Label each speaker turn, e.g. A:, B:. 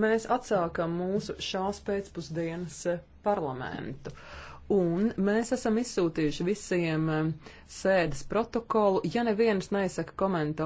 A: mēs atsākam mūsu šās pēcpusdienas eh, parlamentu. Un mēs esam izsūtījuši visiem eh, sēdes protokolu, ja neviens
B: neizsaka komentāru.